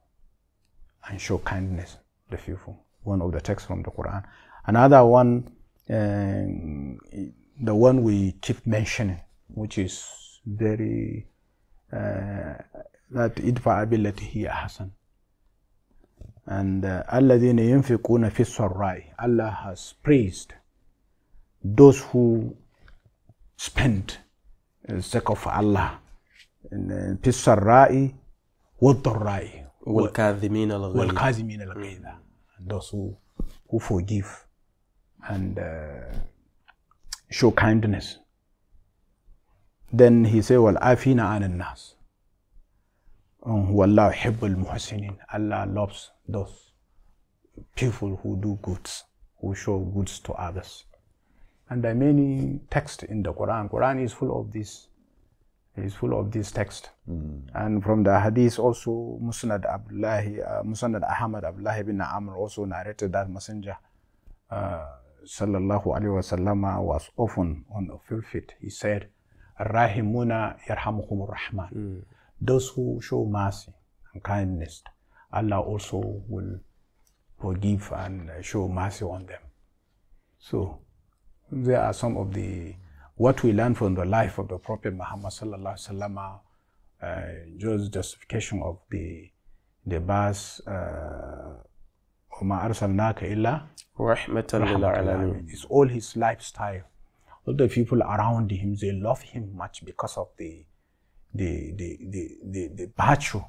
S1: and show kindness the fearful one of the texts from the Quran. Another one, um, the one we keep mentioning, which is very uh, that idfa ability here, Hassan. And uh, alladhina fi sarrai. Allah has praised those who spend in the sake of Allah. في السراء والضراء والكاذمين الغيظ والكاذمين الغيظ and those who, who forgive and uh, show kindness. Then he said, وَالْعَافِينَ عَنِ النَّاسِ وَاللَّهُ يُحِبُّ الْمُحْسِنِينَ Allah loves those people who do goods, who show goods to others. And there are many texts in the Quran. Quran is full of these is full of this text. Mm. And from the hadith also, Musnad Abdullahi, uh, Musnad Ahmad Abdullah bin Amr also narrated that messenger, uh, sallallahu alaihi wasallam, uh, was often on the few feet. He said, Rahimuna yarhamuhum rahman. Mm. Those who show mercy and kindness, Allah also will forgive and show mercy on them. So, there are some of the what we learn from the life of the Prophet Muhammad sallallahu alaihi wasallam, uh, justification of the the verse, "Oma uh, arsalnaka illa It's all his lifestyle. All the people around him, they love him much because of the the the the, the, the virtue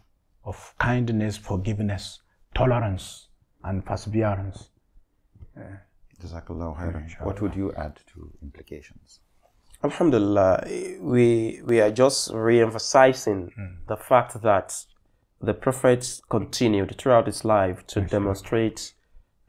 S1: of kindness, forgiveness, tolerance, and perseverance. Uh, What would you add to implications?
S3: Alhamdulillah, we we are just re-emphasizing mm. the fact that the Prophet continued throughout his life to demonstrate,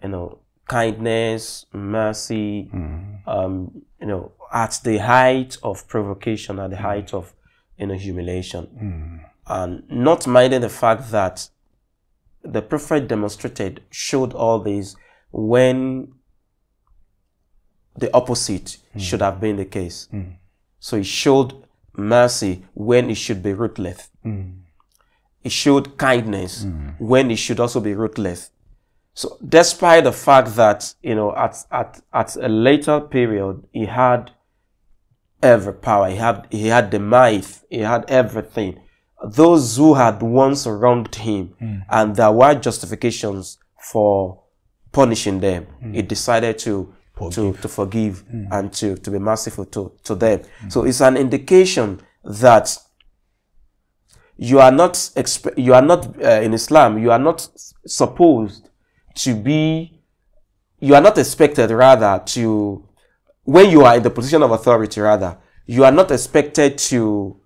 S3: you know, kindness, mercy, mm. um, you know, at the height of provocation, at the hmm. height of you know humiliation, mm. and not minding the fact that the Prophet demonstrated showed all this when the opposite mm. should have been the case. Mm. So he showed mercy when it should be ruthless. Mm. He showed kindness mm. when it should also be ruthless. So despite the fact that, you know, at, at, at a later period, he had every power. He had, he had the might. He had everything. Those who had once wronged him mm. and there were justifications for punishing them, mm. he decided to forgive. To, to forgive mm. and to, to be merciful to, to them. Mm. So it's an indication that you are not, you are not uh, in Islam, you are not supposed to be, you are not expected rather to, when you are in the position of authority rather, you are not expected to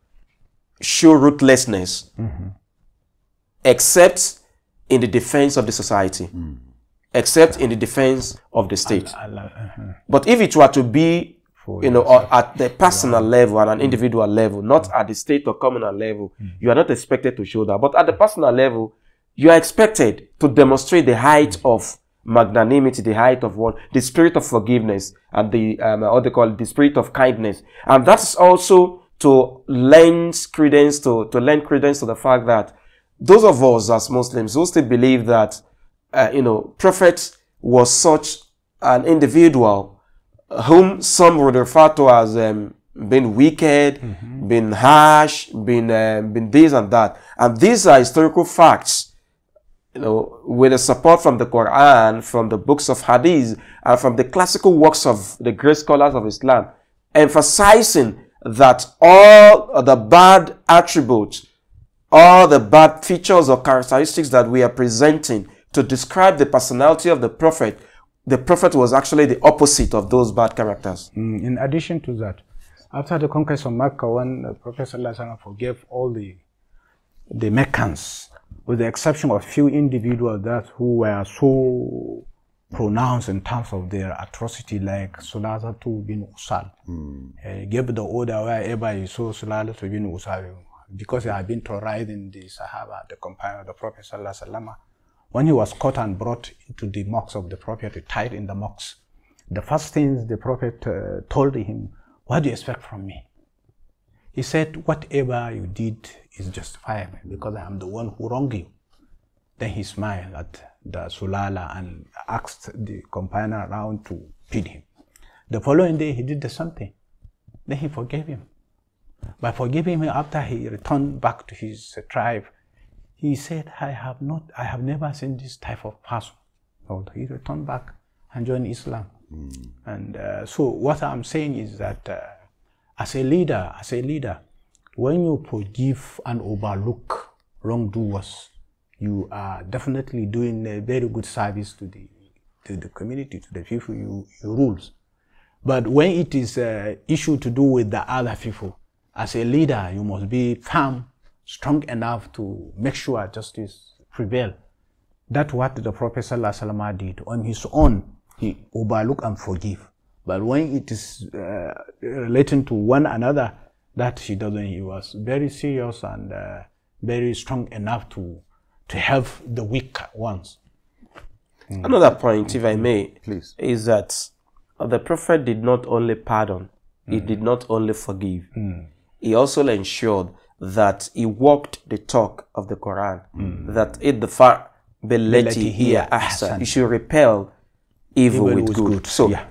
S3: show ruthlessness mm -hmm. except in the defense of the society. Mm except in the defense of the state. Uh-huh. But if it were to be you know, at the personal level and an mm. individual level, not mm. at the state or communal level, mm. you are not expected to show that. But at the personal level, you are expected to demonstrate the height of magnanimity, the height of what the spirit of forgiveness and the um, what they call it, the spirit of kindness, and that is also to lend credence to to lend credence to the fact that those of us as Muslims who still believe that uh, you know, Prophet was such an individual uh, whom some would refer to as um, being wicked, mm-hmm. being harsh, being, uh, being this and that. And these are historical facts, you know, with the support from the Quran, from the books of Hadith, and from the classical works of the great scholars of Islam, emphasizing that all the bad attributes, all the bad features or characteristics that we are presenting to describe the personality of the prophet, the prophet was actually the opposite of those bad characters. Mm,
S1: in addition to that, after the conquest of Mecca, when the Prophet ﷺ forgave all the, the Meccans, with the exception of few individuals that who were so pronounced in terms of their atrocity, like Sulalatu bin Usal. Mm. He eh, gave the order wherever he saw Sulalatu bin Usal, because he had been terrorizing the Sahaba, the companion of the Prophet Sallallahu when he was caught and brought to the mocks of the Prophet, tied in the mocks, the first things the Prophet uh, told him, What do you expect from me? He said, Whatever you did is justifiable because I am the one who wronged you. Then he smiled at the Sulala and asked the companion around to feed him. The following day, he did the same thing. Then he forgave him. By forgiving him after he returned back to his tribe, he said, I have not, I have never seen this type of person. But he returned back and joined Islam. Mm. And uh, so what I'm saying is that uh, as a leader, as a leader, when you forgive and overlook wrongdoers, you are definitely doing a very good service to the to the community, to the people you, you rule. But when it is uh, issue to do with the other people, as a leader, you must be firm strong enough to make sure justice prevail. That's what the Prophet ﷺ did on his own. He overlook and forgive. But when it is uh, relating to one another, that he doesn't. He was very serious and uh, very strong enough to to help the weak ones.
S3: Mm. Another point, if I mm. may, please, is that the prophet did not only pardon; mm. he did not only forgive. Mm. He also ensured that he walked the talk of the Quran. Mm. That far billati hiya ahsan. You should repel evil, with good. good. So yeah.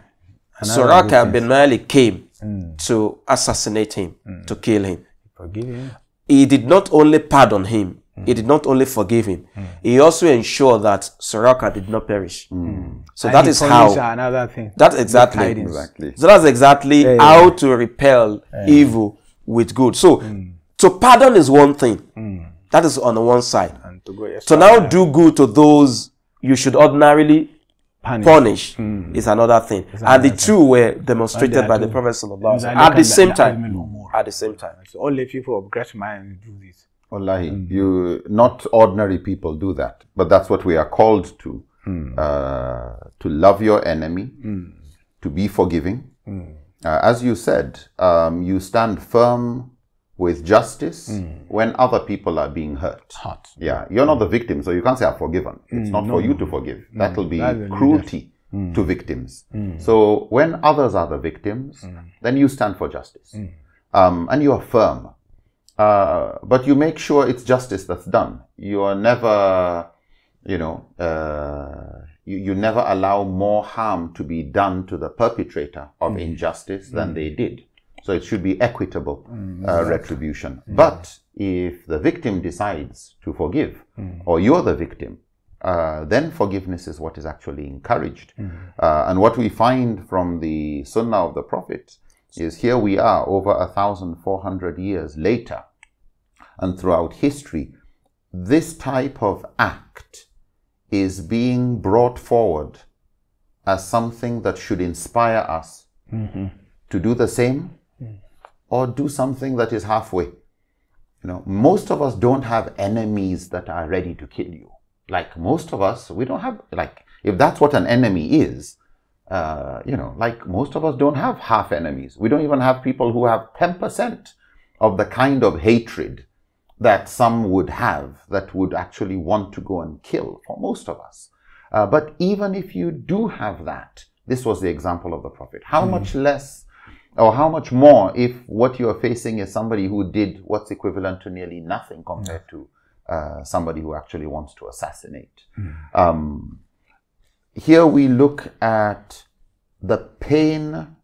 S3: Suraka bin Malik came mm. to assassinate him, mm. to kill him. Forgive him. He did not only pardon him, hmm. he did not only forgive him, hmm. he also ensured that Suraka did not perish. Hmm. So and that is how. Another thing. That exactly. exactly. So that's exactly yeah, yeah. how to repel evil with good. So to pardon is one thing. Mm. That is on the one side. And to go so now do good to those you should ordinarily punish, punish mm. is another thing. Exactly. And the two were demonstrated by the Prophet Sallallahu at the same time.
S1: At the same time. only people of great mind do
S2: this. Wallahi, mm. you not ordinary people do that, but that's what we are called to: mm. uh, to love your enemy, mm. to be forgiving. Hmm. Uh, as you said, um, you stand firm with justice mm. when other people are being hurt. hurt. Yeah, you're not the victim, so you can't say I've forgiven. It's mm, not no. for you to forgive. Hmm. That'll be that cruelty be hmm. to victims. Hmm. So when others are the victims, then you stand for justice. Um, and you are firm. Uh, but you make sure it's justice that's done. You are never, you know, uh, you, you never allow more harm to be done to the perpetrator of mm. injustice than mm. they did. So it should be equitable mm, uh, retribution. Yeah. But if the victim decides to forgive, mm. or you're the victim, uh, then forgiveness is what is actually encouraged. Mm. Uh, and what we find from the Sunnah of the Prophet is here we are over 1,400 years later, and throughout history, this type of act is being brought forward as something that should inspire us mm-hmm. to do the same or do something that is halfway. You know, most of us don't have enemies that are ready to kill you. Like most of us, we don't have, like, if that's what an enemy is, uh, you know, like most of us don't have half enemies. We don't even have people who have 10% of the kind of hatred that some would have that would actually want to go and kill for most of us. Uh, but even if you do have that, this was the example of the Prophet. How mm. much less or how much more if what you are facing is somebody who did what's equivalent to nearly nothing compared yeah. to uh, somebody who actually wants to assassinate. Mm. Um, here we look at the pain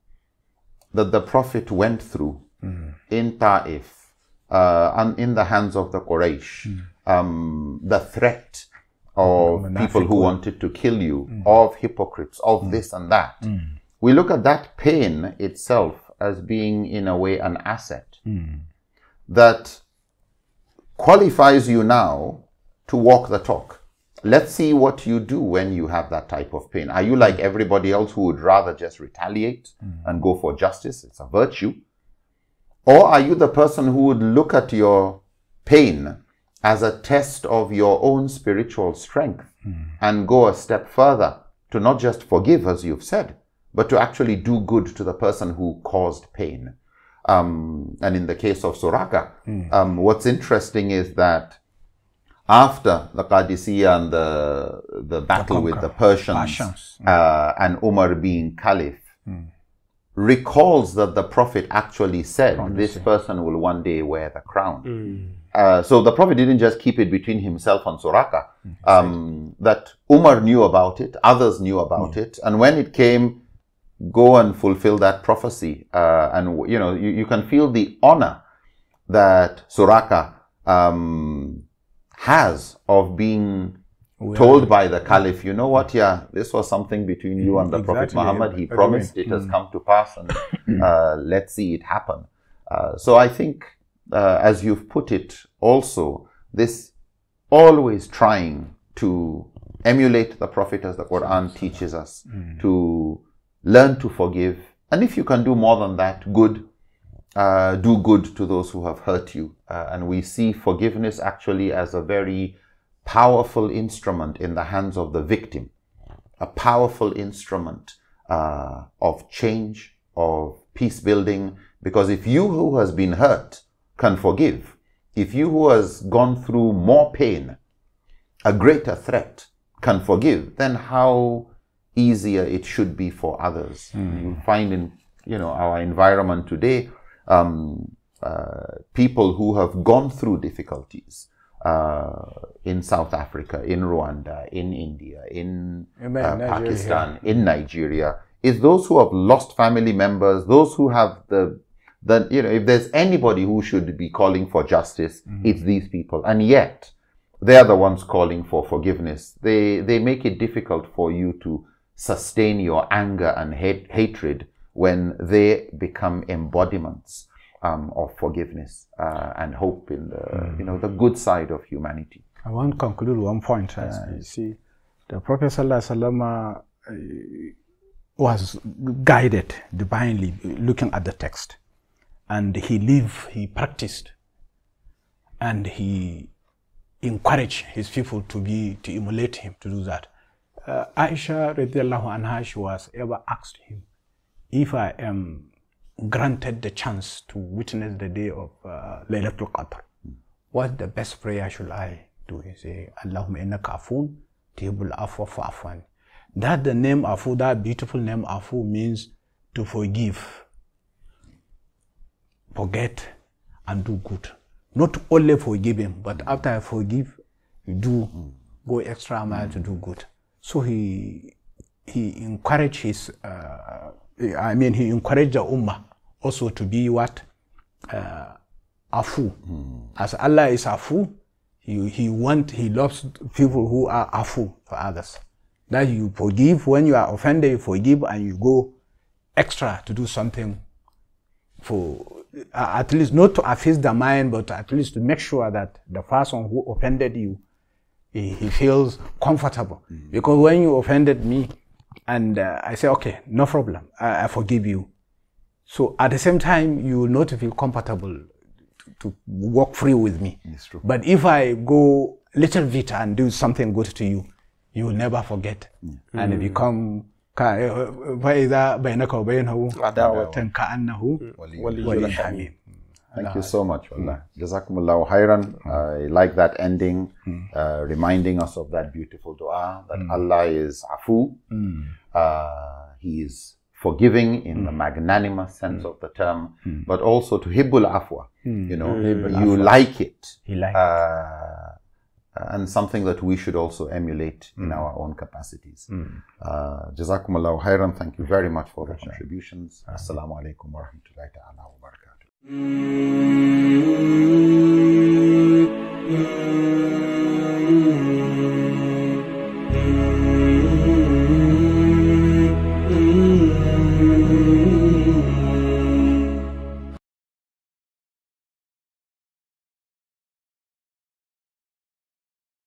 S2: that the Prophet went through mm. in Ta'if uh, and in the hands of the Quraysh, mm. um, the threat of people who wanted to kill you, hmm. of hypocrites, of hmm. this and that. Hmm we look at that pain itself as being, in a way, an asset mm. that qualifies you now to walk the talk. Let's see what you do when you have that type of pain. Are you like everybody else who would rather just retaliate mm. and go for justice? It's a virtue. Or are you the person who would look at your pain as a test of your own spiritual strength mm. and go a step further to not just forgive, as you've said, but to actually do good to the person who caused pain. Um, and in the case of Suraka, mm. um, what's interesting is that after the Qadisiyya and the, the battle the with the Persians, Persians. Mm. Uh, and Umar being caliph, mm. recalls that the Prophet actually said, This person will one day wear the crown. Hmm. Uh, so the Prophet didn't just keep it between himself and Suraka. Hmm. um, that Umar knew about it, others knew about hmm. it, and when it came, go and fulfill that prophecy. Uh, and, you know, you, you, can feel the honor that Suraka um, has of being we told are. by the caliph, you know what, yeah, this was something between you and the mm, exactly. Prophet Muhammad. He promised it has mm. come to pass, and uh, let's see it happen. Uh, so I think, uh, as you've put it also, this always trying to emulate the Prophet as the Quran teaches us, mm. to learn to forgive. And if you can do more than that, good. Uh, do good to those who have hurt you. Uh, and we see forgiveness actually as a very powerful instrument in the hands of the victim, a powerful instrument uh, of change, of peace building. Because if you who has been hurt can forgive, if you who has gone through more pain, a greater threat, can forgive, then how easier it should be for others. Mm. You find in you know our environment today, um, uh, people who have gone through difficulties uh, in South Africa, in Rwanda, in India, in
S1: uh, Pakistan,
S2: in Nigeria, is those who have lost family members, those who have the the you know if there's anybody who should be calling for justice, mm it's these people, and yet they are the ones calling for forgiveness. They they make it difficult for you to sustain your anger and hate, hatred when they become embodiments um, of forgiveness uh, and hope in the mm. you know the good side of humanity.
S1: I want to conclude one point. you see, the Prophet sallallahu uh, was guided divinely, looking at the text, and he lived, he practiced, and he encouraged his people to be to emulate him to do that uh, Aisha radiallahu anha, she was ever asked him, if I am granted the chance to witness the day of uh, Laylatul Qadr, what the best prayer should I do? He say, Allahumma innaka afun, tibul afwa fa'afwan. That the name Afu, that beautiful name Afu means to forgive, forget, and do good. Not only forgiving, but after I forgive, you do go extra mile to do good. So he he encouraged his, uh, I mean, he encouraged the umma also to be what uh, afu. Mm. As Allah is afu, he he want he loves people who are afu for others. That you forgive when you are offended, you forgive and you go extra to do something for uh, at least not to affix the mind, but at least to make sure that the person who offended you he, he feels comfortable. Mm. Because when you offended me, and uh, I say, okay, no problem, I, I, forgive you. So at the same time, you will not feel comfortable to, to walk free with me. But if I go little bit and do something good to you, you will never forget mm. and mm. become فإذا بينك وبينه عداوة كأنه ولي حميم Thank
S2: you so much. Hmm. Allah. Mm. khairan. Hmm. I like that ending, hmm. uh, reminding us of that beautiful dua that Allah is afu. Uh, he is forgiving in the magnanimous sense of the term, but also to hibbul afwa. You know, you like it. He uh, uh, and something that we should also emulate in our own capacities. Mm. Uh, khairan. Thank you very much for the contributions. Assalamu alaikum wa rahmatullahi ta'ala. Mm-hmm.